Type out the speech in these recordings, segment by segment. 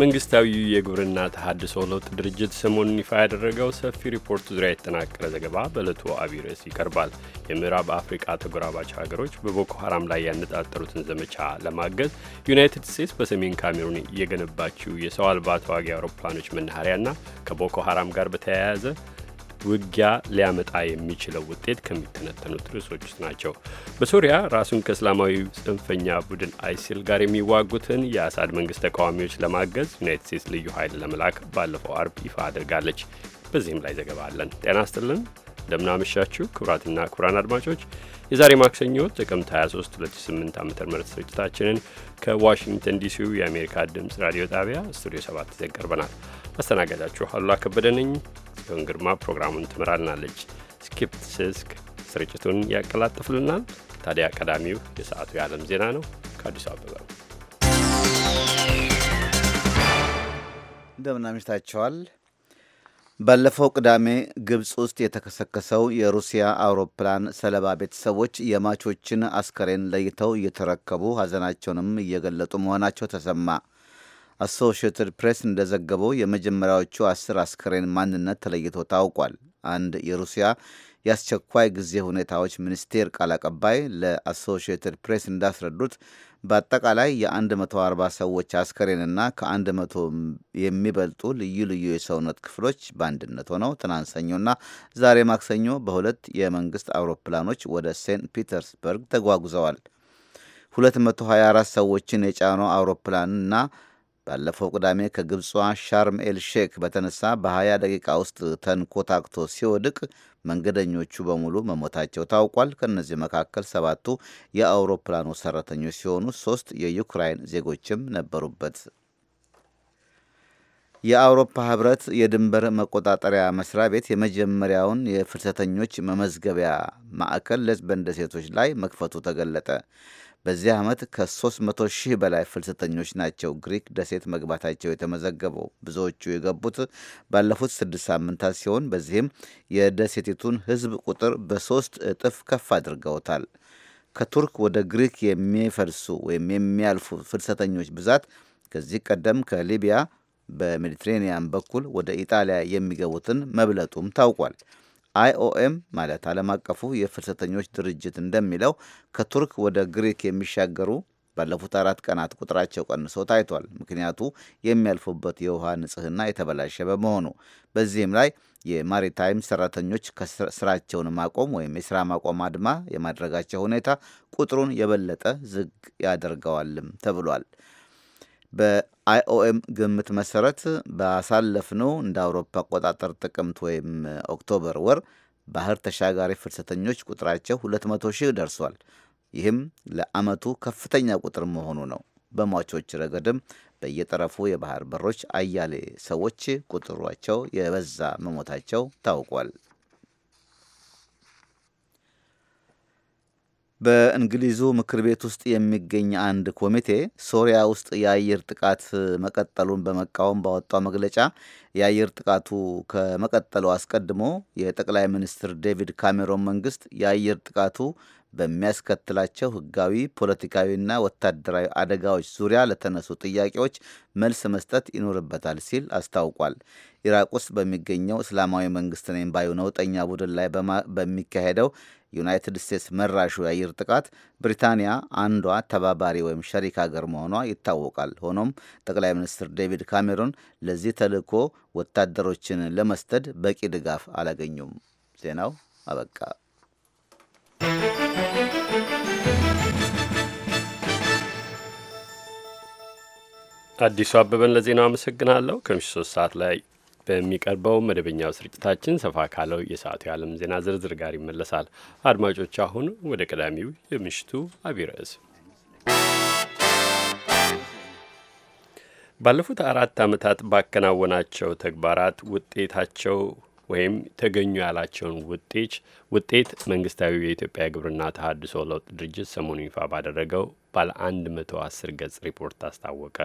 መንግስታዊ የግብርና ተሀድሶ ለውጥ ድርጅት ሰሞኑን ይፋ ያደረገው ሰፊ ሪፖርት ዙሪያ የተጠናቀረ ዘገባ በዕለቱ አብይ ርዕስ ይቀርባል። የምዕራብ አፍሪቃ ተጎራባች ሀገሮች በቦኮ ሀራም ላይ ያነጣጠሩትን ዘመቻ ለማገዝ ዩናይትድ ስቴትስ በሰሜን ካሜሩን እየገነባችው የሰው አልባ ተዋጊ አውሮፕላኖች መናኸሪያና ከቦኮ ሀራም ጋር በተያያዘ ውጊያ ሊያመጣ የሚችለው ውጤት ከሚተነተኑት ርዕሶች ውስጥ ናቸው። በሶሪያ ራሱን ከእስላማዊ ጽንፈኛ ቡድን አይሲል ጋር የሚዋጉትን የአሳድ መንግስት ተቃዋሚዎች ለማገዝ ዩናይት ስቴትስ ልዩ ኃይል ለመላክ ባለፈው አርብ ይፋ አድርጋለች። በዚህም ላይ ዘገባ አለን። ጤና ስጥልን እንደምናመሻችሁ ክቡራትና ክቡራን አድማጮች የዛሬ ማክሰኞ ጥቅምት 23 2008 ዓ ም ስርጭታችንን ከዋሽንግተን ዲሲው የአሜሪካ ድምፅ ራዲዮ ጣቢያ ስቱዲዮ 7 ይዘን ቀርበናል። አስተናጋጃችሁ አሉላ ከበደ ነኝ። ጽዮን ግርማ ፕሮግራሙን ትመራልናለች። ስኪፕት ስስክ ስርጭቱን ያቀላጥፍልናል። ታዲያ ቀዳሚው የሰዓቱ የዓለም ዜና ነው። ከአዲስ አበባ እንደምን አምሽታችኋል። ባለፈው ቅዳሜ ግብፅ ውስጥ የተከሰከሰው የሩሲያ አውሮፕላን ሰለባ ቤተሰቦች የማቾችን አስከሬን ለይተው እየተረከቡ ሐዘናቸውንም እየገለጡ መሆናቸው ተሰማ። አሶሽትድ ፕሬስ እንደዘገበው የመጀመሪያዎቹ አስር አስከሬን ማንነት ተለይቶ ታውቋል። አንድ የሩሲያ የአስቸኳይ ጊዜ ሁኔታዎች ሚኒስቴር ቃል አቀባይ ለአሶሺየትድ ፕሬስ እንዳስረዱት በአጠቃላይ የ140 ሰዎች አስከሬንና ከ100 የሚበልጡ ልዩ ልዩ የሰውነት ክፍሎች በአንድነት ሆነው ትናንት ሰኞና ዛሬ ማክሰኞ በሁለት የመንግስት አውሮፕላኖች ወደ ሴንት ፒተርስበርግ ተጓጉዘዋል። 224 ሰዎችን የጫነው አውሮፕላንና ባለፈው ቅዳሜ ከግብጿ ሻርም ኤል ሼክ በተነሳ በ20 ደቂቃ ውስጥ ተንኮታክቶ ሲወድቅ መንገደኞቹ በሙሉ መሞታቸው ታውቋል። ከእነዚህ መካከል ሰባቱ የአውሮፕላኑ ሰራተኞች ሲሆኑ ሶስት የዩክራይን ዜጎችም ነበሩበት። የአውሮፓ ህብረት የድንበር መቆጣጠሪያ መስሪያ ቤት የመጀመሪያውን የፍልሰተኞች መመዝገቢያ ማዕከል ሌዝበን ደሴቶች ላይ መክፈቱ ተገለጠ። በዚህ ዓመት ከ300 ሺህ በላይ ፍልሰተኞች ናቸው ግሪክ ደሴት መግባታቸው የተመዘገበው። ብዙዎቹ የገቡት ባለፉት ስድስት ሳምንታት ሲሆን በዚህም የደሴቲቱን ሕዝብ ቁጥር በሶስት እጥፍ ከፍ አድርገውታል። ከቱርክ ወደ ግሪክ የሚፈልሱ ወይም የሚያልፉ ፍልሰተኞች ብዛት ከዚህ ቀደም ከሊቢያ በሜዲትሬኒያን በኩል ወደ ኢጣሊያ የሚገቡትን መብለጡም ታውቋል። አይኦኤም ማለት ዓለም አቀፉ የፍልሰተኞች ድርጅት እንደሚለው ከቱርክ ወደ ግሪክ የሚሻገሩ ባለፉት አራት ቀናት ቁጥራቸው ቀንሶ ታይቷል። ምክንያቱ የሚያልፉበት የውሃ ንጽህና የተበላሸ በመሆኑ። በዚህም ላይ የማሪታይም ሰራተኞች ስራቸውን ማቆም ወይም የስራ ማቆም አድማ የማድረጋቸው ሁኔታ ቁጥሩን የበለጠ ዝግ ያደርገዋልም ተብሏል። አይኦኤም ግምት መሰረት ባሳለፍነው እንደ አውሮፓ አቆጣጠር ጥቅምት ወይም ኦክቶበር ወር ባህር ተሻጋሪ ፍልሰተኞች ቁጥራቸው 200 ሺህ ደርሷል። ይህም ለአመቱ ከፍተኛ ቁጥር መሆኑ ነው። በሟቾች ረገድም በየጠረፉ የባህር በሮች አያሌ ሰዎች ቁጥሯቸው የበዛ መሞታቸው ታውቋል። በእንግሊዙ ምክር ቤት ውስጥ የሚገኝ አንድ ኮሚቴ ሶሪያ ውስጥ የአየር ጥቃት መቀጠሉን በመቃወም ባወጣው መግለጫ የአየር ጥቃቱ ከመቀጠሉ አስቀድሞ የጠቅላይ ሚኒስትር ዴቪድ ካሜሮን መንግስት የአየር ጥቃቱ በሚያስከትላቸው ህጋዊ፣ ፖለቲካዊና ወታደራዊ አደጋዎች ዙሪያ ለተነሱ ጥያቄዎች መልስ መስጠት ይኖርበታል ሲል አስታውቋል። ኢራቅ ውስጥ በሚገኘው እስላማዊ መንግስት ነኝ ባዩ ነውጠኛ ቡድን ላይ በሚካሄደው ዩናይትድ ስቴትስ መራሹ የአየር ጥቃት ብሪታንያ አንዷ ተባባሪ ወይም ሸሪክ ሀገር መሆኗ ይታወቃል። ሆኖም ጠቅላይ ሚኒስትር ዴቪድ ካሜሮን ለዚህ ተልዕኮ ወታደሮችን ለመስደድ በቂ ድጋፍ አላገኙም። ዜናው አበቃ። አዲሱ አበበን ለዜናው አመሰግናለሁ። ከምሽቱ ሶስት ሰዓት ላይ በሚቀርበው መደበኛው ስርጭታችን ሰፋ ካለው የሰዓቱ የዓለም ዜና ዝርዝር ጋር ይመለሳል። አድማጮች፣ አሁን ወደ ቀዳሚው የምሽቱ አብይ ርዕስ ባለፉት አራት ዓመታት ባከናወናቸው ተግባራት ውጤታቸው ወይም ተገኙ ያላቸውን ውጤች ውጤት መንግስታዊ የኢትዮጵያ ግብርና ተሀድሶ ለውጥ ድርጅት ሰሞኑን ይፋ ባደረገው ባለ 110 ገጽ ሪፖርት አስታወቀ።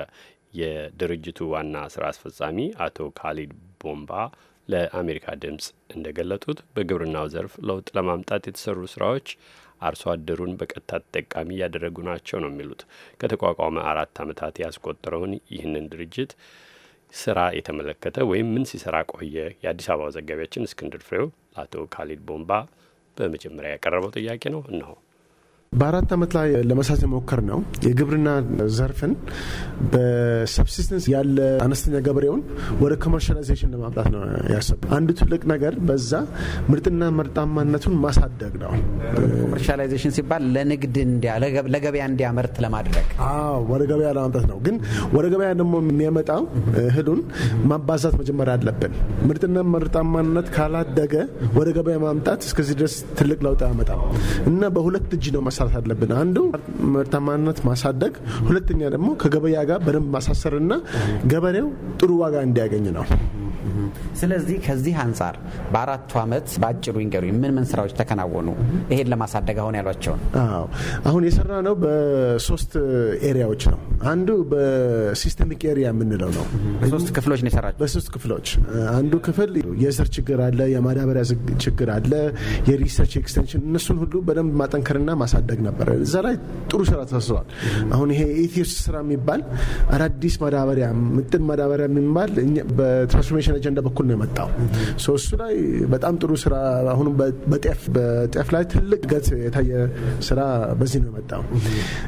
የድርጅቱ ዋና ስራ አስፈጻሚ አቶ ካሊድ ቦምባ ለአሜሪካ ድምፅ እንደገለጡት በግብርናው ዘርፍ ለውጥ ለማምጣት የተሰሩ ስራዎች አርሶ አደሩን በቀጥታ ተጠቃሚ እያደረጉ ናቸው ነው የሚሉት። ከተቋቋመ አራት ዓመታት ያስቆጠረውን ይህንን ድርጅት ስራ የተመለከተ ወይም ምን ሲሰራ ቆየ? የአዲስ አበባ ዘጋቢያችን እስክንድር ፍሬው ለአቶ ካሊድ ቦምባ በመጀመሪያ ያቀረበው ጥያቄ ነው። እነሆ። በአራት ዓመት ላይ ለመስራት የሞከር ነው። የግብርና ዘርፍን በሰብሲስተንስ ያለ አነስተኛ ገበሬውን ወደ ኮመርሻላይዜሽን ለማምጣት ነው ያሰብ አንዱ ትልቅ ነገር በዛ ምርጥና ምርጣማነቱን ማሳደግ ነው። ኮመርሻላይዜሽን ሲባል ለንግድ ለገበያ እንዲያመርት ለማድረግ ወደ ገበያ ለማምጣት ነው። ግን ወደ ገበያ ደግሞ የሚያመጣው እህሉን ማባዛት መጀመሪያ አለብን። ምርጥና ምርጣማነት ካላደገ ወደ ገበያ ማምጣት እስከዚህ ድረስ ትልቅ ለውጥ አያመጣም እና በሁለት እጅ ነው መስራት አለብን። አንዱ ምርታማነት ማሳደግ፣ ሁለተኛ ደግሞ ከገበያ ጋር በደንብ ማሳሰርና ገበሬው ጥሩ ዋጋ እንዲያገኝ ነው። ስለዚህ ከዚህ አንጻር በአራቱ ዓመት በአጭሩ ይንገሩ ምን ምን ስራዎች ተከናወኑ ይሄን ለማሳደግ አሁን ያሏቸውን? አሁን የሰራ ነው በሶስት ኤሪያዎች ነው። አንዱ በሲስተሚክ ኤሪያ የምንለው ነው። በሶስት ክፍሎች ነው የሰራቸው። በሶስት ክፍሎች አንዱ ክፍል የስር ችግር አለ፣ የማዳበሪያ ችግር አለ፣ የሪሰርች ኤክስቴንሽን፣ እነሱን ሁሉ በደንብ ማጠንከርና ማሳደግ ነበር። እዛ ላይ ጥሩ ስራ ተሰርተዋል። አሁን ይሄ ኢትዮስ ስራ የሚባል አዳዲስ ማዳበሪያ ምጥን ማዳበሪያ የሚባል በትራንስፎርሜሽን በዩጋንዳ በኩል ነው የመጣው። እሱ ላይ በጣም ጥሩ ስራ አሁን በጤፍ ላይ ትልቅ ገጽ የታየ ስራ በዚህ ነው የመጣው።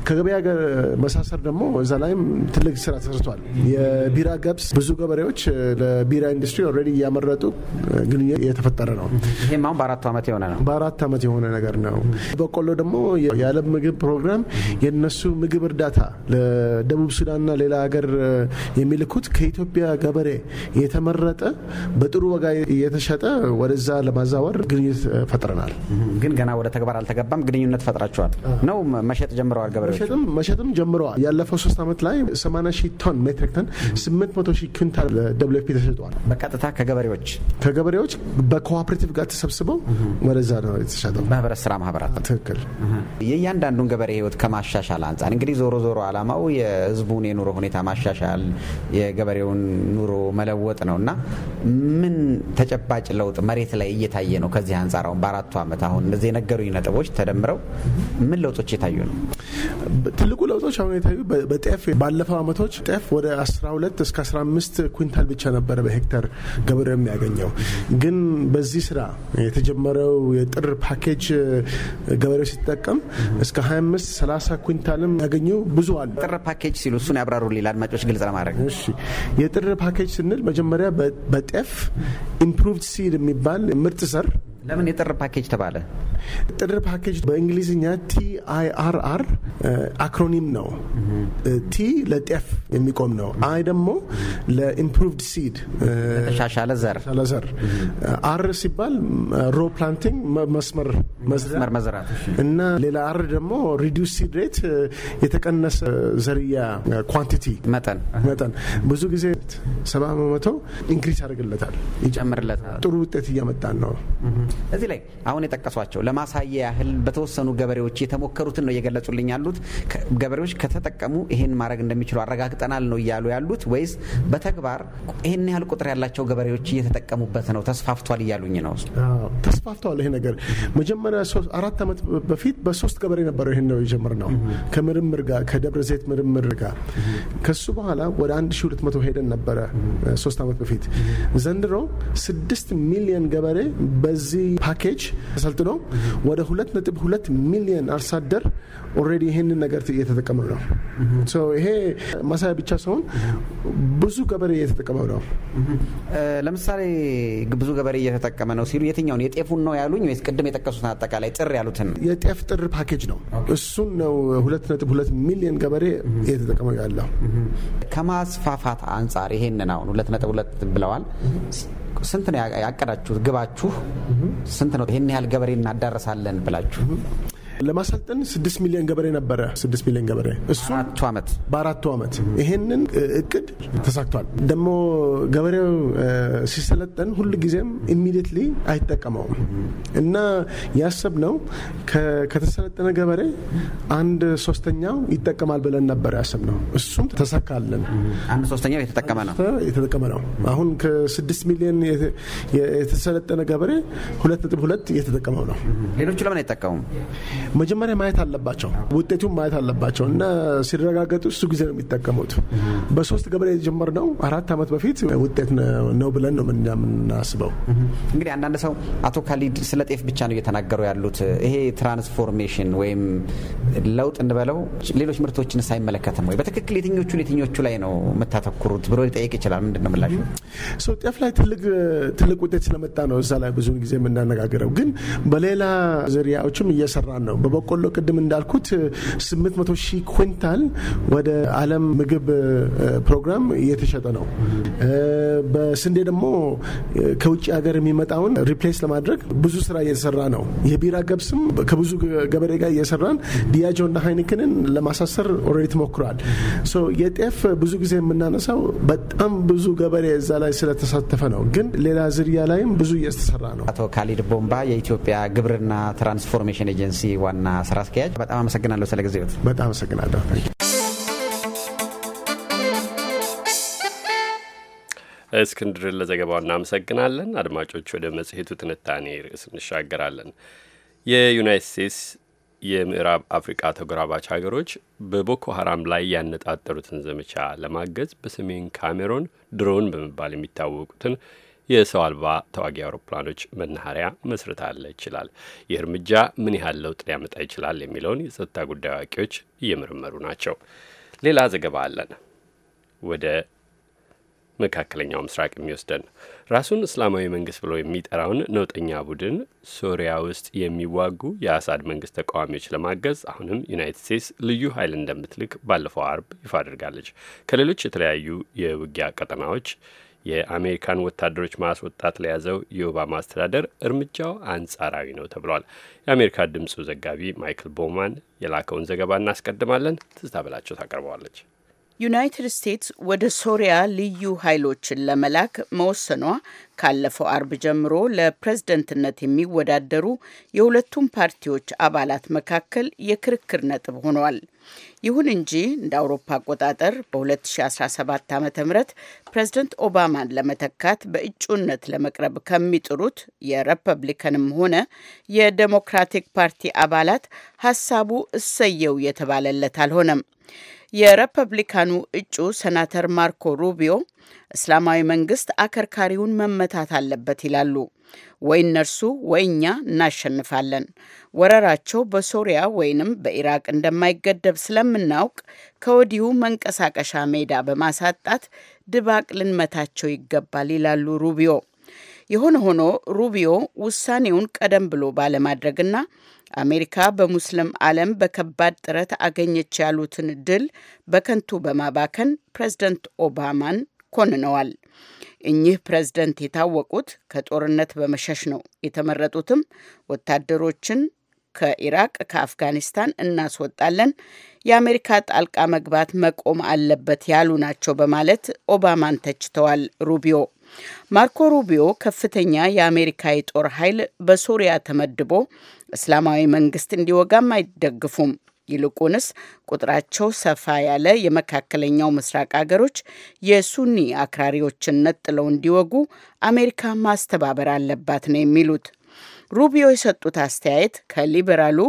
ከገበያ ጋር መሳሰር ደግሞ እዛ ላይም ትልቅ ስራ ተሰርቷል። የቢራ ገብስ ብዙ ገበሬዎች ለቢራ ኢንዱስትሪ ኦልሬዲ እያመረጡ ግንኙነት የተፈጠረ ነው። ይህም አሁን በአራት ዓመት የሆነ ነው። በአራት ዓመት የሆነ ነገር ነው። በቆሎ ደግሞ የዓለም ምግብ ፕሮግራም የነሱ ምግብ እርዳታ ለደቡብ ሱዳንና ሌላ ሀገር የሚልኩት ከኢትዮጵያ ገበሬ የተመረጠ በጥሩ ዋጋ የተሸጠ ወደዛ ለማዛወር ግንኙነት ፈጥረናል። ግን ገና ወደ ተግባር አልተገባም። ግንኙነት ፈጥራችኋል ነው? መሸጥ ጀምረዋል ገበሬዎች? መሸጥም ጀምረዋል። ያለፈው ሶስት ዓመት ላይ 80 ሺህ ቶን ሜትሪክ ቶን 800 ሺህ ኩንታል ደብሊው ተሸጠዋል። በቀጥታ ከገበሬዎች ከገበሬዎች በኮኦፕሬቲቭ ጋር ተሰብስበው ወደዛ ነው የተሸጠው። ማህበረት ስራ ማህበራት ትክክል። የእያንዳንዱን ገበሬ ህይወት ከማሻሻል አንጻር እንግዲህ ዞሮ ዞሮ አላማው የህዝቡን የኑሮ ሁኔታ ማሻሻል፣ የገበሬውን ኑሮ መለወጥ ነው እና ምን ተጨባጭ ለውጥ መሬት ላይ እየታየ ነው? ከዚህ አንጻር አሁን በአራቱ ዓመት አሁን እነዚህ የነገሩኝ ነጥቦች ተደምረው ምን ለውጦች የታዩ ነው? ትልቁ ለውጦች አሁን የታዩ በጤፍ ባለፈው ዓመቶች ጤፍ ወደ 12 እስከ 15 ኩንታል ብቻ ነበረ በሄክተር ገበሬው የሚያገኘው። ግን በዚህ ስራ የተጀመረው የጥር ፓኬጅ ገበሬው ሲጠቀም እስከ 25 30 ኩንታልም ያገኙ ብዙ አሉ። ጥር ፓኬጅ ሲሉ እሱን ሌላ አድማጮች ግልጽ ለማድረግ። የጥር ፓኬጅ ስንል መጀመሪያ በጤፍ ኢምፕሩቭድ ሲድ የሚባል ምርጥ ዘር ለምን የጥር ፓኬጅ ተባለ? ጥር ፓኬጅ በእንግሊዝኛ ቲአይአርአር አክሮኒም ነው። ቲ ለጤፍ የሚቆም ነው። አይ ደግሞ ለኢምፕሩቭድ ሲድ ለተሻሻለ ዘር፣ አር ሲባል ሮ ፕላንቲንግ መስመር መዝራት እና ሌላ አር ደግሞ ሪዲስ ሲድ ሬት የተቀነሰ ዘርያ ኳንቲቲ መጠን መጠን ብዙ ጊዜ ሰባ በመቶ ኢንክሪስ ያደርግለታል፣ ይጨምርለታል። ጥሩ ውጤት እያመጣን ነው። እዚህ ላይ አሁን የጠቀሷቸው ለማሳያ ያህል በተወሰኑ ገበሬዎች የተሞከሩትን ነው እየገለጹልኝ ያሉት። ገበሬዎች ከተጠቀሙ ይህን ማድረግ እንደሚችሉ አረጋግጠናል ነው እያሉ ያሉት ወይስ በተግባር ይህን ያህል ቁጥር ያላቸው ገበሬዎች እየተጠቀሙበት ነው ተስፋፍቷል እያሉኝ ነው? ተስፋፍቷል። ይሄ ነገር መጀመሪያ አራት ዓመት በፊት በሶስት ገበሬ ነበረው ይህን ነው የጀመርነው ከምርምር ጋር ከደብረ ዘይት ምርምር ጋር ከሱ በኋላ ወደ 1200 ሄደን ነበረ ሶስት ዓመት በፊት ዘንድሮ ስድስት ሚሊዮን ገበሬ በዚህ በዚህ ፓኬጅ ተሰልጥኖ ወደ ሁለት ነጥብ ሁለት ሚሊዮን አርሶ አደር ኦልሬዲ ይሄንን ነገር እየተጠቀመው ነው። ይሄ ማሳያ ብቻ ሳይሆን ብዙ ገበሬ እየተጠቀመው ነው። ለምሳሌ ብዙ ገበሬ እየተጠቀመ ነው ሲሉ የትኛውን የጤፉን ነው ያሉኝ ወይስ ቅድም የጠቀሱትን አጠቃላይ ጥር ያሉትን? የጤፍ ጥር ፓኬጅ ነው። እሱን ነው ሁለት ነጥብ ሁለት ሚሊዮን ገበሬ እየተጠቀመው ያለው። ከማስፋፋት አንጻር ይሄንን አሁን ሁለት ነጥብ ሁለት ብለዋል ስንት ነው ያቀዳችሁት? ግባችሁ ስንት ነው? ይህን ያህል ገበሬ እናዳረሳለን ብላችሁ ለማሰልጠን ስድስት ሚሊዮን ገበሬ ነበረ። ስድስት ሚሊዮን ገበሬ እሱ ዓመት በአራቱ ዓመት ይሄንን እቅድ ተሳክቷል። ደግሞ ገበሬው ሲሰለጠን ሁል ጊዜም ኢሚዲየትሊ አይጠቀመውም እና ያሰብ ነው ከተሰለጠነ ገበሬ አንድ ሶስተኛው ይጠቀማል ብለን ነበር ያሰብ ነው። እሱም ተሳካለን። አንድ ሶስተኛው የተጠቀመ ነው የተጠቀመ ነው። አሁን ከስድስት ሚሊዮን የተሰለጠነ ገበሬ ሁለት ነጥብ ሁለት እየተጠቀመው ነው። ሌሎቹ ለምን አይጠቀሙም? መጀመሪያ ማየት አለባቸው፣ ውጤቱን ማየት አለባቸው እና ሲረጋገጡ እሱ ጊዜ ነው የሚጠቀሙት። በሶስት ገበሬ የጀመርነው አራት ዓመት በፊት ውጤት ነው ብለን ነው የምናስበው። እንግዲህ አንዳንድ ሰው አቶ ካሊድ ስለ ጤፍ ብቻ ነው እየተናገሩ ያሉት። ይሄ ትራንስፎርሜሽን ወይም ለውጥ እንበለው ሌሎች ምርቶችን ሳይመለከትም ወይ በትክክል የትኞቹን የትኞቹ ላይ ነው የምታተኩሩት ብሎ ሊጠይቅ ይችላል። ምንድን ነው ምላሽ? ጤፍ ላይ ትልቅ ውጤት ስለመጣ ነው እዛ ላይ ብዙውን ጊዜ የምናነጋግረው፣ ግን በሌላ ዝርያዎችም እየሰራን ነው። በበቆሎ ቅድም እንዳልኩት 800 ሺህ ኩንታል ወደ ዓለም ምግብ ፕሮግራም እየተሸጠ ነው። በስንዴ ደግሞ ከውጭ ሀገር የሚመጣውን ሪፕሌስ ለማድረግ ብዙ ስራ እየተሰራ ነው። የቢራ ገብስም ከብዙ ገበሬ ጋር እየሰራን ዲያጆ እና ሀይንክንን ለማሳሰር ኦልሬዲ ተሞክሯል። የጤፍ ብዙ ጊዜ የምናነሳው በጣም ብዙ ገበሬ እዛ ላይ ስለተሳተፈ ነው። ግን ሌላ ዝርያ ላይም ብዙ እየተሰራ ነው። አቶ ካሊድ ቦምባ የኢትዮጵያ ግብርና ትራንስፎርሜሽን ኤጀንሲ ዋና ስራ አስኪያጅ፣ በጣም አመሰግናለሁ ስለ ጊዜ። በጣም አመሰግናለሁ። እስክንድር ለዘገባው እናመሰግናለን። አድማጮች፣ ወደ መጽሔቱ ትንታኔ ርዕስ እንሻገራለን። የዩናይት ስቴትስ የምዕራብ አፍሪቃ ተጎራባች ሀገሮች በቦኮ ሀራም ላይ ያነጣጠሩትን ዘመቻ ለማገዝ በሰሜን ካሜሮን ድሮን በመባል የሚታወቁትን የሰው አልባ ተዋጊ አውሮፕላኖች መናኸሪያ መስርታለ ይችላል። ይህ እርምጃ ምን ያህል ለውጥ ሊያመጣ ይችላል የሚለውን የጸጥታ ጉዳይ አዋቂዎች እየመረመሩ ናቸው። ሌላ ዘገባ አለን። ወደ መካከለኛው ምስራቅ የሚወስደን ራሱን እስላማዊ መንግስት ብሎ የሚጠራውን ነውጠኛ ቡድን ሶሪያ ውስጥ የሚዋጉ የአሳድ መንግስት ተቃዋሚዎች ለማገዝ አሁንም ዩናይትድ ስቴትስ ልዩ ኃይል እንደምትልክ ባለፈው አርብ ይፋ አድርጋለች። ከሌሎች የተለያዩ የውጊያ ቀጠናዎች የአሜሪካን ወታደሮች ማስወጣት ለያዘው የኦባማ አስተዳደር እርምጃው አንጻራዊ ነው ተብሏል። የአሜሪካ ድምፁ ዘጋቢ ማይክል ቦማን የላከውን ዘገባ እናስቀድማለን። ትዝታ በላቸው ታቀርበዋለች። ዩናይትድ ስቴትስ ወደ ሶሪያ ልዩ ኃይሎችን ለመላክ መወሰኗ ካለፈው አርብ ጀምሮ ለፕሬዝደንትነት የሚወዳደሩ የሁለቱም ፓርቲዎች አባላት መካከል የክርክር ነጥብ ሆኗል። ይሁን እንጂ እንደ አውሮፓ አቆጣጠር በ2017 ዓ ም ፕሬዝደንት ኦባማን ለመተካት በእጩነት ለመቅረብ ከሚጥሩት የሪፐብሊካንም ሆነ የዴሞክራቲክ ፓርቲ አባላት ሀሳቡ እሰየው የተባለለት አልሆነም። የሪፐብሊካኑ እጩ ሰናተር ማርኮ ሩቢዮ እስላማዊ መንግስት አከርካሪውን መመታት አለበት ይላሉ። ወይ እነርሱ ወይ እኛ እናሸንፋለን። ወረራቸው በሶሪያ ወይንም በኢራቅ እንደማይገደብ ስለምናውቅ ከወዲሁ መንቀሳቀሻ ሜዳ በማሳጣት ድባቅ ልንመታቸው ይገባል ይላሉ ሩቢዮ። የሆነ ሆኖ ሩቢዮ ውሳኔውን ቀደም ብሎ ባለማድረግና አሜሪካ በሙስሊም ዓለም በከባድ ጥረት አገኘች ያሉትን ድል በከንቱ በማባከን ፕሬዝደንት ኦባማን ኮንነዋል። እኚህ ፕሬዝደንት የታወቁት ከጦርነት በመሸሽ ነው። የተመረጡትም ወታደሮችን ከኢራቅ ከአፍጋኒስታን እናስወጣለን፣ የአሜሪካ ጣልቃ መግባት መቆም አለበት ያሉ ናቸው በማለት ኦባማን ተችተዋል ሩቢዮ። ማርኮ ሩቢዮ ከፍተኛ የአሜሪካ የጦር ኃይል በሶሪያ ተመድቦ እስላማዊ መንግስት እንዲወጋም አይደግፉም። ይልቁንስ ቁጥራቸው ሰፋ ያለ የመካከለኛው ምስራቅ አገሮች የሱኒ አክራሪዎችን ነጥለው እንዲወጉ አሜሪካ ማስተባበር አለባት ነው የሚሉት። ሩቢዮ የሰጡት አስተያየት ከሊበራሉ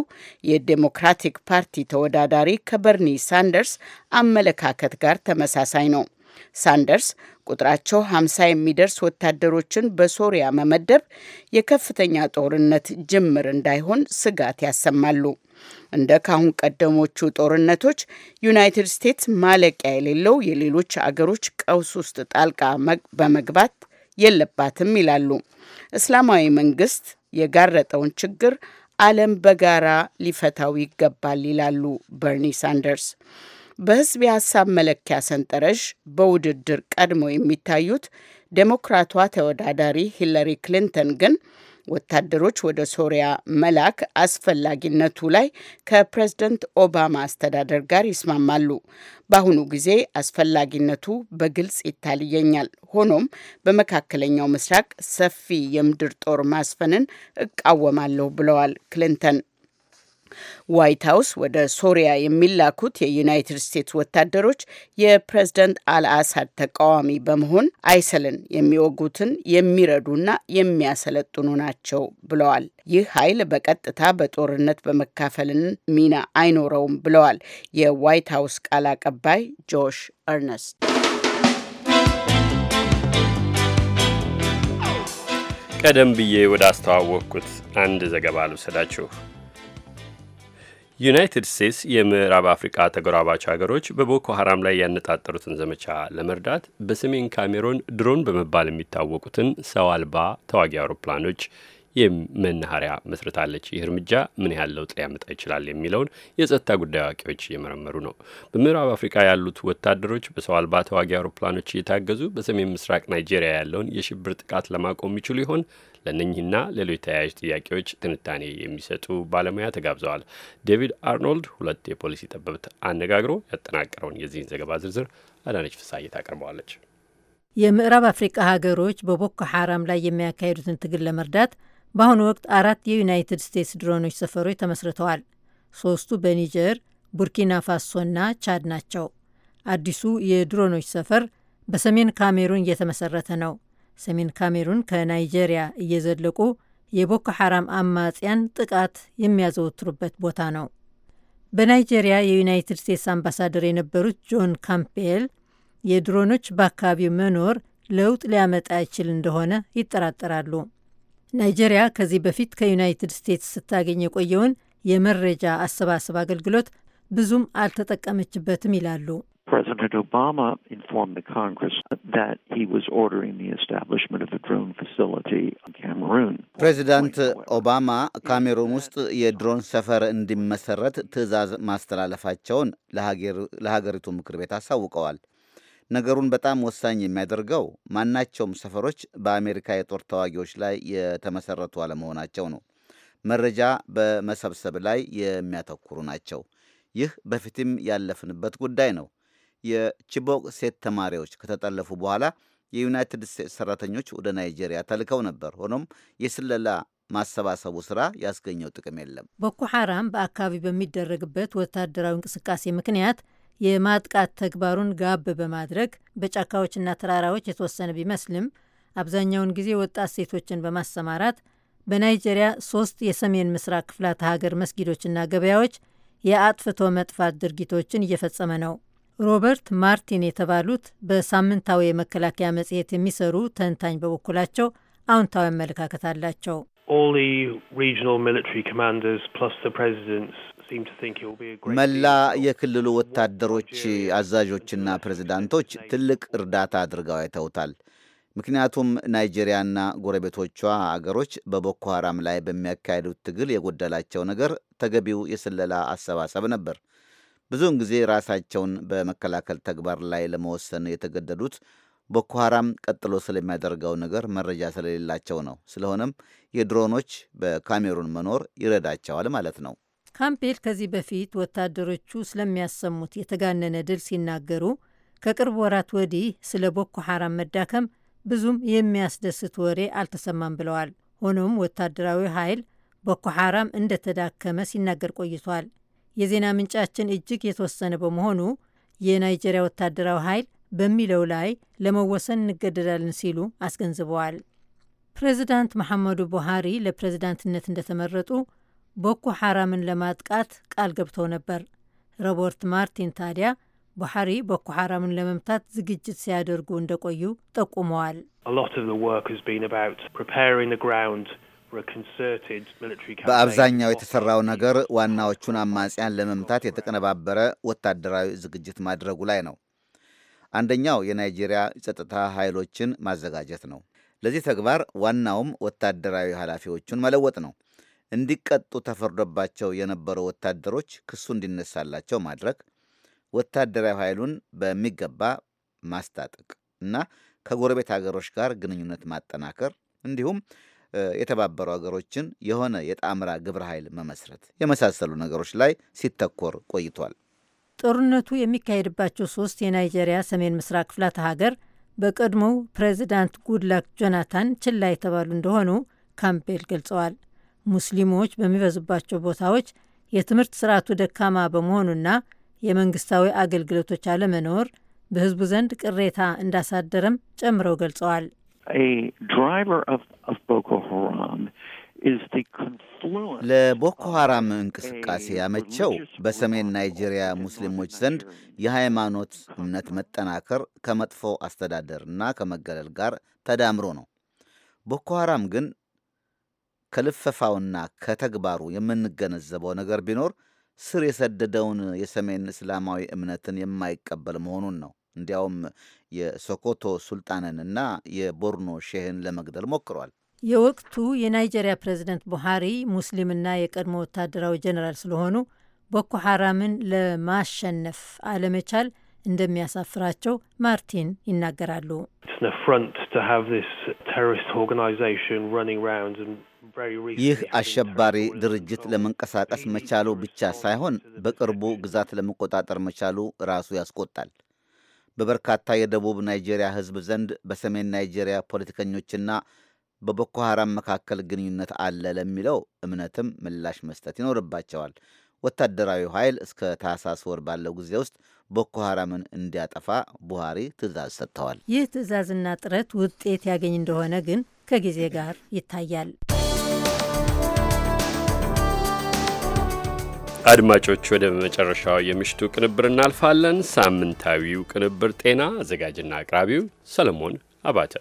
የዴሞክራቲክ ፓርቲ ተወዳዳሪ ከበርኒ ሳንደርስ አመለካከት ጋር ተመሳሳይ ነው። ሳንደርስ ቁጥራቸው 50 የሚደርስ ወታደሮችን በሶሪያ መመደብ የከፍተኛ ጦርነት ጅምር እንዳይሆን ስጋት ያሰማሉ። እንደ ካሁን ቀደሞቹ ጦርነቶች ዩናይትድ ስቴትስ ማለቂያ የሌለው የሌሎች አገሮች ቀውስ ውስጥ ጣልቃ በመግባት የለባትም ይላሉ። እስላማዊ መንግስት የጋረጠውን ችግር ዓለም በጋራ ሊፈታው ይገባል ይላሉ በርኒ ሳንደርስ። በህዝብ የሀሳብ መለኪያ ሰንጠረዥ በውድድር ቀድመው የሚታዩት ዴሞክራቷ ተወዳዳሪ ሂለሪ ክሊንተን ግን ወታደሮች ወደ ሶሪያ መላክ አስፈላጊነቱ ላይ ከፕሬዝደንት ኦባማ አስተዳደር ጋር ይስማማሉ። በአሁኑ ጊዜ አስፈላጊነቱ በግልጽ ይታልየኛል፣ ሆኖም በመካከለኛው ምስራቅ ሰፊ የምድር ጦር ማስፈንን እቃወማለሁ ብለዋል ክሊንተን። ዋይት ሀውስ ወደ ሶሪያ የሚላኩት የዩናይትድ ስቴትስ ወታደሮች የፕሬዝደንት አልአሳድ ተቃዋሚ በመሆን አይሰልን የሚወጉትን የሚረዱና የሚያሰለጥኑ ናቸው ብለዋል። ይህ ኃይል በቀጥታ በጦርነት በመካፈልን ሚና አይኖረውም ብለዋል የዋይት ሀውስ ቃል አቀባይ ጆሽ እርነስት። ቀደም ብዬ ወደ አስተዋወቅኩት አንድ ዘገባ ልውሰዳችሁ። ዩናይትድ ስቴትስ የምዕራብ አፍሪቃ ተጎራባች ሀገሮች በቦኮ ሀራም ላይ ያነጣጠሩትን ዘመቻ ለመርዳት በሰሜን ካሜሮን ድሮን በመባል የሚታወቁትን ሰው አልባ ተዋጊ አውሮፕላኖች የመናኸሪያ መስርታለች። ይህ እርምጃ ምን ያህል ለውጥ ሊያመጣ ይችላል የሚለውን የጸጥታ ጉዳይ አዋቂዎች እየመረመሩ ነው። በምዕራብ አፍሪካ ያሉት ወታደሮች በሰው አልባ ተዋጊ አውሮፕላኖች እየታገዙ በሰሜን ምስራቅ ናይጄሪያ ያለውን የሽብር ጥቃት ለማቆም ይችሉ ይሆን? ለእነኚህና ሌሎች ተያያዥ ጥያቄዎች ትንታኔ የሚሰጡ ባለሙያ ተጋብዘዋል። ዴቪድ አርኖልድ ሁለት የፖሊሲ ጠበብት አነጋግሮ ያጠናቀረውን የዚህን ዘገባ ዝርዝር አዳነች ፍሳየት አቅርበዋለች። የምዕራብ አፍሪቃ ሀገሮች በቦኮ ሐራም ላይ የሚያካሄዱትን ትግል ለመርዳት በአሁኑ ወቅት አራት የዩናይትድ ስቴትስ ድሮኖች ሰፈሮች ተመስርተዋል። ሶስቱ በኒጀር፣ ቡርኪና ፋሶና ቻድ ናቸው። አዲሱ የድሮኖች ሰፈር በሰሜን ካሜሩን እየተመሰረተ ነው። ሰሜን ካሜሩን ከናይጄሪያ እየዘለቁ የቦኮ ሐራም አማጽያን ጥቃት የሚያዘወትሩበት ቦታ ነው። በናይጄሪያ የዩናይትድ ስቴትስ አምባሳደር የነበሩት ጆን ካምፔል የድሮኖች በአካባቢው መኖር ለውጥ ሊያመጣ ይችል እንደሆነ ይጠራጠራሉ። ናይጄሪያ ከዚህ በፊት ከዩናይትድ ስቴትስ ስታገኝ የቆየውን የመረጃ አሰባሰብ አገልግሎት ብዙም አልተጠቀመችበትም ይላሉ። ፕሬዚደንት ኦባማ ኢንፎርም ኮንግረስ ሂ ዋዝ ፕሬዚዳንት ኦባማ ካሜሩን ውስጥ የድሮን ሰፈር እንዲመሰረት ትዕዛዝ ማስተላለፋቸውን ለሀገሪቱ ምክር ቤት አሳውቀዋል። ነገሩን በጣም ወሳኝ የሚያደርገው ማናቸውም ሰፈሮች በአሜሪካ የጦር ተዋጊዎች ላይ የተመሰረቱ አለመሆናቸው ነው። መረጃ በመሰብሰብ ላይ የሚያተኩሩ ናቸው። ይህ በፊትም ያለፍንበት ጉዳይ ነው። የቺቦክ ሴት ተማሪዎች ከተጠለፉ በኋላ የዩናይትድ ስቴትስ ሰራተኞች ወደ ናይጄሪያ ተልከው ነበር። ሆኖም የስለላ ማሰባሰቡ ስራ ያስገኘው ጥቅም የለም። ቦኮ ሐራም በአካባቢ በሚደረግበት ወታደራዊ እንቅስቃሴ ምክንያት የማጥቃት ተግባሩን ጋብ በማድረግ በጫካዎችና ተራራዎች የተወሰነ ቢመስልም አብዛኛውን ጊዜ ወጣት ሴቶችን በማሰማራት በናይጄሪያ ሶስት የሰሜን ምስራቅ ክፍላተ ሀገር መስጊዶችና ገበያዎች የአጥፍቶ መጥፋት ድርጊቶችን እየፈጸመ ነው። ሮበርት ማርቲን የተባሉት በሳምንታዊ የመከላከያ መጽሔት የሚሰሩ ተንታኝ በበኩላቸው አዎንታዊ አመለካከት አላቸው። መላ የክልሉ ወታደሮች አዛዦችና ፕሬዚዳንቶች ትልቅ እርዳታ አድርገው አይተውታል። ምክንያቱም ናይጄሪያና ጎረቤቶቿ አገሮች በቦኮ ሐራም ላይ በሚያካሄዱት ትግል የጎደላቸው ነገር ተገቢው የስለላ አሰባሰብ ነበር። ብዙውን ጊዜ ራሳቸውን በመከላከል ተግባር ላይ ለመወሰን የተገደዱት ቦኮ ሐራም ቀጥሎ ስለሚያደርገው ነገር መረጃ ስለሌላቸው ነው። ስለሆነም የድሮኖች በካሜሩን መኖር ይረዳቸዋል ማለት ነው። ካምፔል ከዚህ በፊት ወታደሮቹ ስለሚያሰሙት የተጋነነ ድል ሲናገሩ ከቅርብ ወራት ወዲህ ስለ ቦኮ ሐራም መዳከም ብዙም የሚያስደስት ወሬ አልተሰማም ብለዋል። ሆኖም ወታደራዊ ኃይል ቦኮ ሐራም እንደተዳከመ ሲናገር ቆይቷል። የዜና ምንጫችን እጅግ የተወሰነ በመሆኑ የናይጄሪያ ወታደራዊ ኃይል በሚለው ላይ ለመወሰን እንገደዳለን ሲሉ አስገንዝበዋል። ፕሬዚዳንት መሐመዱ ቡሃሪ ለፕሬዚዳንትነት እንደተመረጡ ቦኮ ሓራምን ለማጥቃት ቃል ገብተው ነበር። ሮበርት ማርቲን ታዲያ ቡሓሪ ቦኮ ሓራምን ለመምታት ዝግጅት ሲያደርጉ እንደቆዩ ጠቁመዋል። በአብዛኛው የተሰራው ነገር ዋናዎቹን አማጽያን ለመምታት የተቀነባበረ ወታደራዊ ዝግጅት ማድረጉ ላይ ነው። አንደኛው የናይጄሪያ ጸጥታ ኃይሎችን ማዘጋጀት ነው። ለዚህ ተግባር ዋናውም ወታደራዊ ኃላፊዎቹን መለወጥ ነው። እንዲቀጡ ተፈርዶባቸው የነበሩ ወታደሮች ክሱ እንዲነሳላቸው ማድረግ፣ ወታደራዊ ኃይሉን በሚገባ ማስታጠቅ እና ከጎረቤት ሀገሮች ጋር ግንኙነት ማጠናከር እንዲሁም የተባበሩ ሀገሮችን የሆነ የጣምራ ግብረ ኃይል መመስረት የመሳሰሉ ነገሮች ላይ ሲተኮር ቆይቷል። ጦርነቱ የሚካሄድባቸው ሶስት የናይጄሪያ ሰሜን ምስራቅ ክፍላተ ሀገር በቀድሞው ፕሬዚዳንት ጉድላክ ጆናታን ችላ የተባሉ እንደሆኑ ካምፔል ገልጸዋል። ሙስሊሞች በሚበዙባቸው ቦታዎች የትምህርት ስርዓቱ ደካማ በመሆኑና የመንግስታዊ አገልግሎቶች አለመኖር በህዝቡ ዘንድ ቅሬታ እንዳሳደረም ጨምረው ገልጸዋል። ለቦኮ ሐራም እንቅስቃሴ ያመቸው በሰሜን ናይጄሪያ ሙስሊሞች ዘንድ የሃይማኖት እምነት መጠናከር ከመጥፎ አስተዳደርና ከመገለል ጋር ተዳምሮ ነው። ቦኮ ሐራም ግን ከልፈፋውና ከተግባሩ የምንገነዘበው ነገር ቢኖር ስር የሰደደውን የሰሜን እስላማዊ እምነትን የማይቀበል መሆኑን ነው። እንዲያውም የሶኮቶ ሱልጣንንና የቦርኖ ሼህን ለመግደል ሞክሯል። የወቅቱ የናይጄሪያ ፕሬዚደንት ቡሃሪ ሙስሊምና የቀድሞ ወታደራዊ ጀኔራል ስለሆኑ ቦኮ ሐራምን ለማሸነፍ አለመቻል እንደሚያሳፍራቸው ማርቲን ይናገራሉ። ይህ አሸባሪ ድርጅት ለመንቀሳቀስ መቻሉ ብቻ ሳይሆን በቅርቡ ግዛት ለመቆጣጠር መቻሉ ራሱ ያስቆጣል። በበርካታ የደቡብ ናይጄሪያ ሕዝብ ዘንድ በሰሜን ናይጄሪያ ፖለቲከኞችና በቦኮ ሐራም መካከል ግንኙነት አለ ለሚለው እምነትም ምላሽ መስጠት ይኖርባቸዋል። ወታደራዊ ኃይል እስከ ታህሳስ ወር ባለው ጊዜ ውስጥ ቦኮ ሐራምን እንዲያጠፋ ቡሃሪ ትዕዛዝ ሰጥተዋል። ይህ ትዕዛዝና ጥረት ውጤት ያገኝ እንደሆነ ግን ከጊዜ ጋር ይታያል። አድማጮች ወደ መጨረሻው የምሽቱ ቅንብር እናልፋለን። ሳምንታዊው ቅንብር ጤና፣ አዘጋጅና አቅራቢው ሰለሞን አባተ።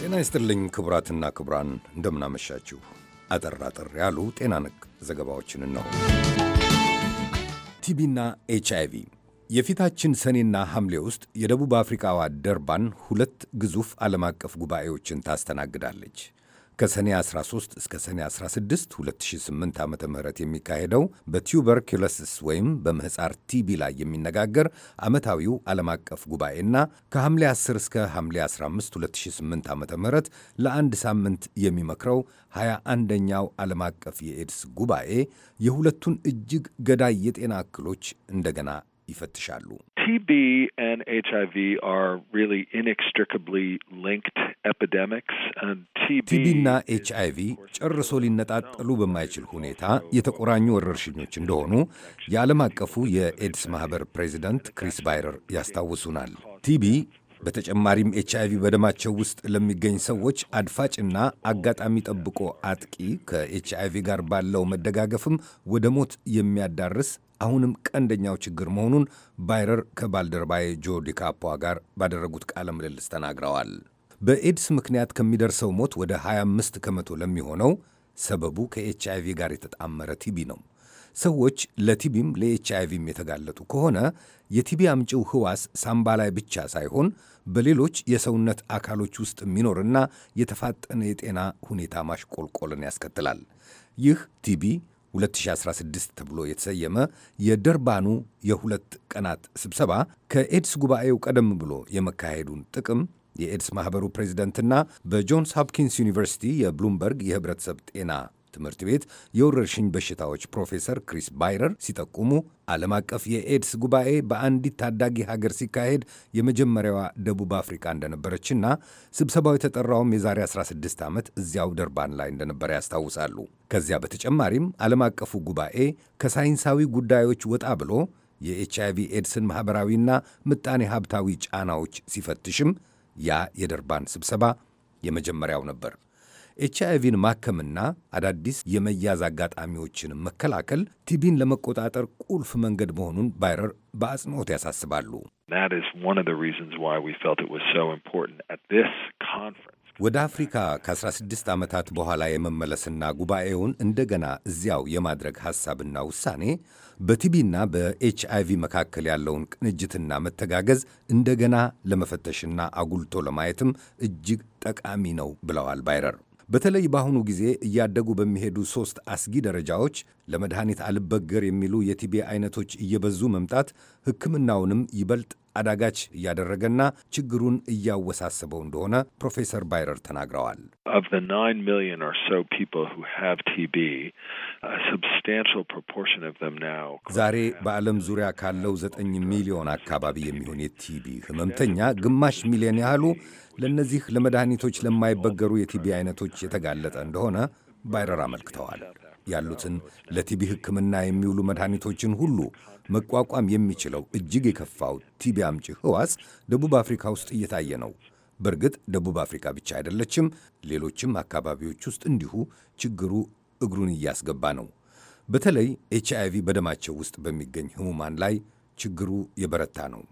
ጤና ይስጥልኝ ክቡራትና ክቡራን፣ እንደምናመሻችሁ። አጠር አጠር ያሉ ጤና ነክ ዘገባዎችን ነው ቲቢና ኤች አይቪ የፊታችን ሰኔና ሐምሌ ውስጥ የደቡብ አፍሪካዋ ደርባን ሁለት ግዙፍ ዓለም አቀፍ ጉባኤዎችን ታስተናግዳለች። ከሰኔ 13 እስከ ሰኔ 16 2008 ዓ ም የሚካሄደው በቱበርኪሎስስ ወይም በምህፃር ቲቢ ላይ የሚነጋገር ዓመታዊው ዓለም አቀፍ ጉባኤና ከሐምሌ 10 እስከ ሐምሌ 15 2008 ዓ ም ለአንድ ሳምንት የሚመክረው 21ኛው ዓለም አቀፍ የኤድስ ጉባኤ የሁለቱን እጅግ ገዳይ የጤና እክሎች እንደገና ይፈትሻሉ። TB and HIV are really inextricably linked epidemics. ቲቢና ኤች አይ ቪ ጨርሶ ሊነጣጠሉ በማይችል ሁኔታ የተቆራኙ ወረርሽኞች እንደሆኑ የዓለም አቀፉ የኤድስ ማኅበር ፕሬዝዳንት ክሪስ ባይረር ያስታውሱናል። ቲቢ በተጨማሪም ኤች አይ ቪ በደማቸው ውስጥ ለሚገኝ ሰዎች አድፋጭና አጋጣሚ ጠብቆ አጥቂ ከኤች አይ ቪ ጋር ባለው መደጋገፍም ወደ ሞት የሚያዳርስ አሁንም ቀንደኛው ችግር መሆኑን ባይረር ከባልደረባዬ ጆ ዲካፖዋ ጋር ባደረጉት ቃለ ምልልስ ተናግረዋል። በኤድስ ምክንያት ከሚደርሰው ሞት ወደ 25 ከመቶ ለሚሆነው ሰበቡ ከኤች አይቪ ጋር የተጣመረ ቲቢ ነው። ሰዎች ለቲቢም ለኤች አይ ቪም የተጋለጡ ከሆነ የቲቢ አምጪው ህዋስ ሳምባ ላይ ብቻ ሳይሆን በሌሎች የሰውነት አካሎች ውስጥ የሚኖርና የተፋጠነ የጤና ሁኔታ ማሽቆልቆልን ያስከትላል። ይህ ቲቢ 2016 ተብሎ የተሰየመ የደርባኑ የሁለት ቀናት ስብሰባ ከኤድስ ጉባኤው ቀደም ብሎ የመካሄዱን ጥቅም የኤድስ ማኅበሩ ፕሬዚደንትና በጆንስ ሆፕኪንስ ዩኒቨርሲቲ የብሉምበርግ የህብረተሰብ ጤና ትምህርት ቤት የወረርሽኝ በሽታዎች ፕሮፌሰር ክሪስ ባይረር ሲጠቁሙ ዓለም አቀፍ የኤድስ ጉባኤ በአንዲት ታዳጊ ሀገር ሲካሄድ የመጀመሪያዋ ደቡብ አፍሪካ እንደነበረችና ስብሰባው የተጠራውም የዛሬ 16 ዓመት እዚያው ደርባን ላይ እንደነበረ ያስታውሳሉ። ከዚያ በተጨማሪም ዓለም አቀፉ ጉባኤ ከሳይንሳዊ ጉዳዮች ወጣ ብሎ የኤችአይቪ ኤድስን ማኅበራዊና ምጣኔ ሀብታዊ ጫናዎች ሲፈትሽም ያ የደርባን ስብሰባ የመጀመሪያው ነበር። ኤች አይቪን ማከምና አዳዲስ የመያዝ አጋጣሚዎችን መከላከል ቲቢን ለመቆጣጠር ቁልፍ መንገድ መሆኑን ባይረር በአጽንኦት ያሳስባሉ። ወደ አፍሪካ ከ16 ዓመታት በኋላ የመመለስና ጉባኤውን እንደገና እዚያው የማድረግ ሐሳብና ውሳኔ በቲቢና በኤች አይቪ መካከል ያለውን ቅንጅትና መተጋገዝ እንደገና ለመፈተሽና አጉልቶ ለማየትም እጅግ ጠቃሚ ነው ብለዋል ባይረር። በተለይ በአሁኑ ጊዜ እያደጉ በሚሄዱ ሶስት አስጊ ደረጃዎች ለመድኃኒት አልበገር የሚሉ የቲቢ አይነቶች እየበዙ መምጣት ሕክምናውንም ይበልጥ አዳጋች እያደረገና ችግሩን እያወሳሰበው እንደሆነ ፕሮፌሰር ባይረር ተናግረዋል። ዛሬ በዓለም ዙሪያ ካለው ዘጠኝ ሚሊዮን አካባቢ የሚሆን የቲቢ ህመምተኛ ግማሽ ሚሊዮን ያህሉ ለእነዚህ ለመድኃኒቶች ለማይበገሩ የቲቢ አይነቶች የተጋለጠ እንደሆነ ባይረር አመልክተዋል። ያሉትን ለቲቢ ሕክምና የሚውሉ መድኃኒቶችን ሁሉ መቋቋም የሚችለው እጅግ የከፋው ቲቢ አምጪ ህዋስ ደቡብ አፍሪካ ውስጥ እየታየ ነው። በእርግጥ ደቡብ አፍሪካ ብቻ አይደለችም። ሌሎችም አካባቢዎች ውስጥ እንዲሁ ችግሩ እግሩን እያስገባ ነው። በተለይ ኤች አይቪ በደማቸው ውስጥ በሚገኝ ህሙማን ላይ ችግሩ የበረታ ነው።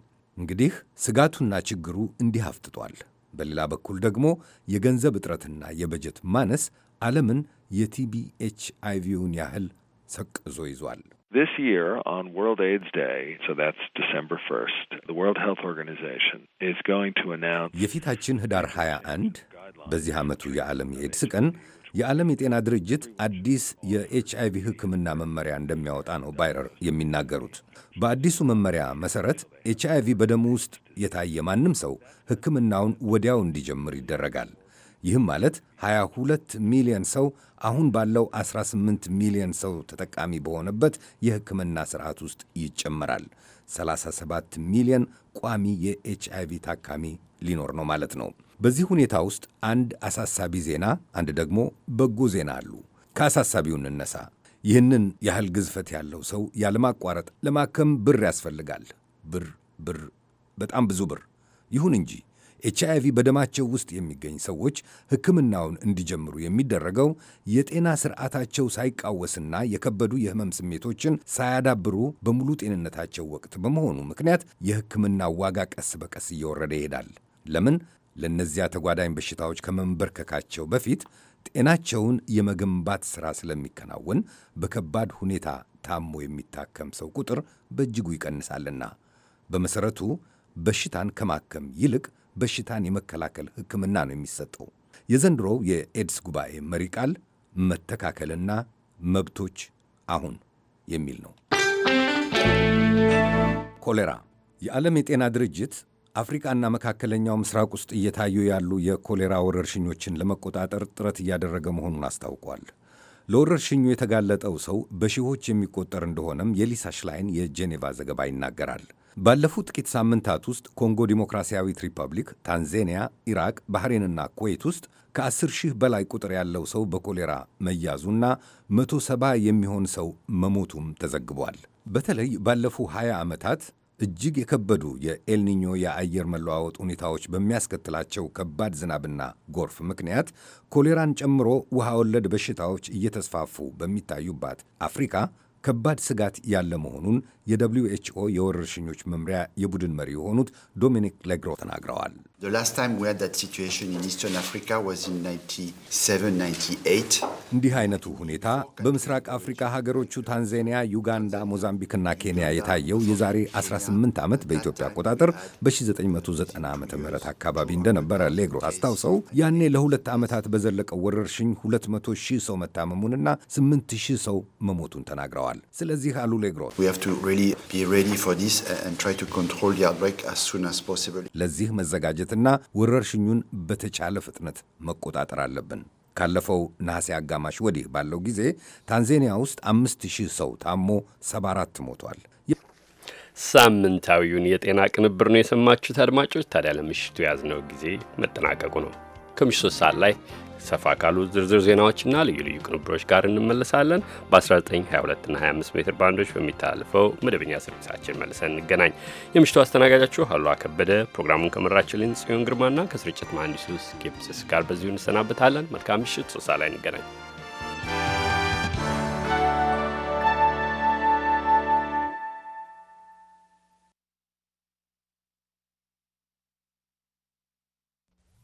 እንግዲህ ስጋቱና ችግሩ እንዲህ አፍጥጧል። በሌላ በኩል ደግሞ የገንዘብ እጥረትና የበጀት ማነስ ዓለምን የቲቢ ኤች አይቪውን ያህል ሰቅዞ ይዟል። This year, on World AIDS Day, so that's December 1st, the World Health Organization is going to announce... የፊታችን ህዳር 21 በዚህ ዓመቱ የዓለም የኤድስ ቀን የዓለም የጤና ድርጅት አዲስ የኤች አይቪ ሕክምና መመሪያ እንደሚያወጣ ነው ባይረር የሚናገሩት። በአዲሱ መመሪያ መሠረት ኤች አይቪ በደሙ ውስጥ የታየ ማንም ሰው ሕክምናውን ወዲያው እንዲጀምር ይደረጋል። ይህም ማለት 22 ሚሊዮን ሰው አሁን ባለው 18 ሚሊዮን ሰው ተጠቃሚ በሆነበት የሕክምና ስርዓት ውስጥ ይጨመራል። 37 ሚሊዮን ቋሚ የኤችአይቪ ታካሚ ሊኖር ነው ማለት ነው። በዚህ ሁኔታ ውስጥ አንድ አሳሳቢ ዜና፣ አንድ ደግሞ በጎ ዜና አሉ። ከአሳሳቢው እንነሳ። ይህንን ያህል ግዝፈት ያለው ሰው ያለማቋረጥ ለማከም ብር ያስፈልጋል። ብር ብር፣ በጣም ብዙ ብር። ይሁን እንጂ ኤች አይ ቪ በደማቸው ውስጥ የሚገኝ ሰዎች ሕክምናውን እንዲጀምሩ የሚደረገው የጤና ስርዓታቸው ሳይቃወስና የከበዱ የህመም ስሜቶችን ሳያዳብሩ በሙሉ ጤንነታቸው ወቅት በመሆኑ ምክንያት የሕክምና ዋጋ ቀስ በቀስ እየወረደ ይሄዳል። ለምን? ለእነዚያ ተጓዳኝ በሽታዎች ከመንበርከካቸው በፊት ጤናቸውን የመገንባት ሥራ ስለሚከናወን በከባድ ሁኔታ ታሞ የሚታከም ሰው ቁጥር በእጅጉ ይቀንሳልና በመሠረቱ በሽታን ከማከም ይልቅ በሽታን የመከላከል ሕክምና ነው የሚሰጠው። የዘንድሮው የኤድስ ጉባኤ መሪ ቃል መተካከልና መብቶች አሁን የሚል ነው። ኮሌራ የዓለም የጤና ድርጅት አፍሪቃና መካከለኛው ምስራቅ ውስጥ እየታዩ ያሉ የኮሌራ ወረርሽኞችን ለመቆጣጠር ጥረት እያደረገ መሆኑን አስታውቋል። ለወረርሽኙ የተጋለጠው ሰው በሺዎች የሚቆጠር እንደሆነም የሊሳ ሽላይን የጄኔቫ ዘገባ ይናገራል። ባለፉት ጥቂት ሳምንታት ውስጥ ኮንጎ ዲሞክራሲያዊት ሪፐብሊክ፣ ታንዛኒያ፣ ኢራቅ፣ ባህሬንና ኩዌት ውስጥ ከ10 ሺህ በላይ ቁጥር ያለው ሰው በኮሌራ መያዙና 170 የሚሆን ሰው መሞቱም ተዘግቧል። በተለይ ባለፉ 20 ዓመታት እጅግ የከበዱ የኤልኒኞ የአየር መለዋወጥ ሁኔታዎች በሚያስከትላቸው ከባድ ዝናብና ጎርፍ ምክንያት ኮሌራን ጨምሮ ውሃ ወለድ በሽታዎች እየተስፋፉ በሚታዩባት አፍሪካ ከባድ ስጋት ያለ መሆኑን የደብሊዩ ኤችኦ የወረርሽኞች መምሪያ የቡድን መሪ የሆኑት ዶሚኒክ ሌግሮ ተናግረዋል። እንዲህ አይነቱ ሁኔታ በምስራቅ አፍሪካ ሀገሮቹ ታንዛኒያ፣ ዩጋንዳ፣ ሞዛምቢክና ኬንያ የታየው የዛሬ 18 ዓመት በኢትዮጵያ አቆጣጠር በ1990 ዓ ም አካባቢ እንደነበረ ሌግሮ አስታውሰው ያኔ ለሁለት ዓመታት በዘለቀው ወረርሽኝ 200 ሺህ ሰው መታመሙንና 8 ሺህ ሰው መሞቱን ተናግረዋል። ስለዚህ አሉ ሌግሮ ለዚህ መዘጋጀት መዘጋጀትና ወረርሽኙን በተቻለ ፍጥነት መቆጣጠር አለብን። ካለፈው ነሐሴ አጋማሽ ወዲህ ባለው ጊዜ ታንዛኒያ ውስጥ አምስት ሺህ ሰው ታሞ ሰባ አራት ሞቷል። ሳምንታዊውን የጤና ቅንብር ነው የሰማችሁት አድማጮች። ታዲያ ለምሽቱ የያዝነው ጊዜ መጠናቀቁ ነው። ከምሽቱ ሶስት ሰዓት ላይ ሰፋ ካሉ ዝርዝር ዜናዎችና ልዩ ልዩ ቅንብሮች ጋር እንመለሳለን። በ1922 እና 25 ሜትር ባንዶች በሚተላለፈው መደበኛ ስርጭታችን መልሰን እንገናኝ። የምሽቱ አስተናጋጃችሁ አሉ ከበደ፣ ፕሮግራሙን ከመራችልን ጽዮን ግርማና ከስርጭት መሐንዲሱ ስኬፕስስ ጋር በዚሁ እንሰናበታለን። መልካም ምሽት። ሶሳ ላይ እንገናኝ።